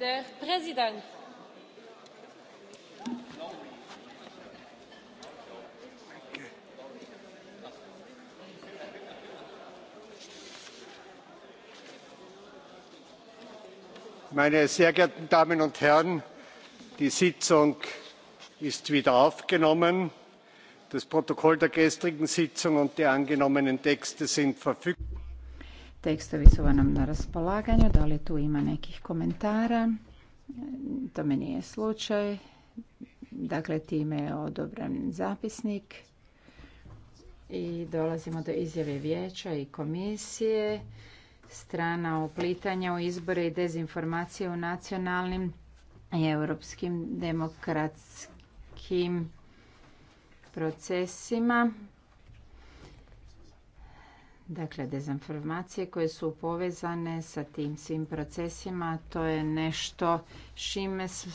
der präsident! meine sehr geehrten damen und herren! die sitzung ist wieder aufgenommen. das protokoll der gestrigen sitzung und die angenommenen texte sind verfügbar. Tekstovi su vam na raspolaganju. Da li tu ima nekih komentara? To me nije slučaj. Dakle, time je odobren zapisnik. I dolazimo do izjave vijeća i komisije. Strana uplitanja u izbore i dezinformacije u nacionalnim i europskim demokratskim procesima. Dakle, dezinformacije koje su povezane sa tim svim procesima, to je nešto šime